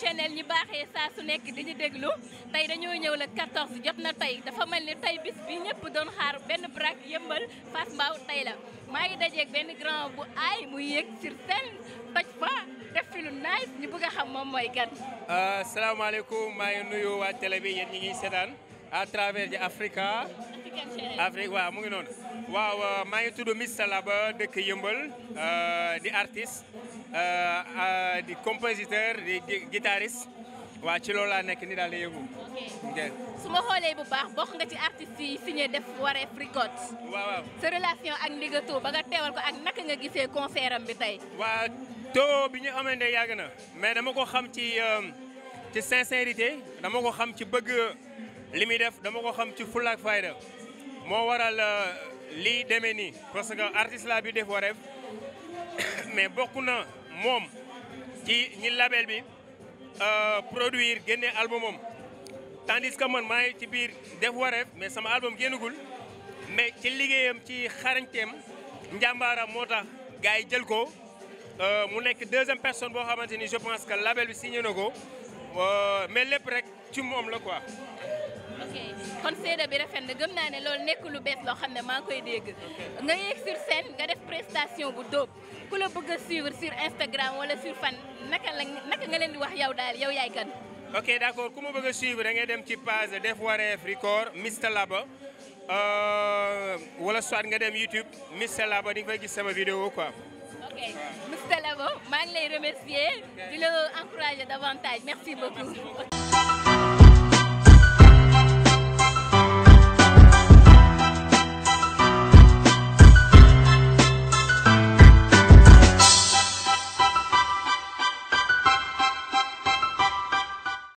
channel ñi baaxee saa su nekk di ñu déglu tey dañoo ñëw la 14 jot na tey dafa mel ni tey bis bi ñëpp doon xaar benn braak yëmbal Fass Mbao tey la maa ngi dajeeg benn grand bu aay muy yéeg sur scène toj fa def fi lu nice bëgg a xam moom mooy gan. asalaamaaleykum euh, maa ngi nuyu waa télé bi yéen ñi ngi seetaan à travers di Africa. Afrique waaw mu ngi noonu waaw euh, maa ngi tudd Miss Salaba dëkk Yëmbal euh, di artiste euh, di compositeur di guitariste waaw ci loolu laa nekk ni daal di yëngu. ok su ma xoolee bu baax bokk nga ci artistes yi signé def Wareef Records. waaw waaw sa relation ak Ndingato ba nga teewal ko ak naka nga gisee concert bi tey. waaw too bi ñu amee ne yàgg na mais dama ko xam ci ci sincérité dama ko xam ci bëgg li muy def dama ko xam ci fulla fayda moo waral euh, lii demee nii parce que artiste la bi def wareef bokk na moom ci ñi label bi euh, produire génne albumam tandis que man maa ngi ci biir def wareef mais sama album génnagul mais ci liggéeyam ci xarañteem njàmbaaram moo tax gars yi jël ko euh, mu nekk deuxième personne boo xamante ni je pense que label bi signé na ko mais lépp rek ci moom la quoi kon seede bi rafet na gëm naa ne loolu nekk lu bees loo xam ne maa ngi koy dégg nga yéeg sur scène nga def prestation bu dóob ku la bëgg a suivre sur Instagram wala sur fan naka la naka nga leen di wax yaw daal yow yaay kan. ok d' accord ku ma bëgg a suivre da ngay dem ci page Def Wareef Record Mister Laba euh, wala soit nga dem YouTube Mister Laba di nga fay gis sama vidéo quoi. ok Mister Laba maa ngi lay remercier di la encourager davantage merci beaucoup.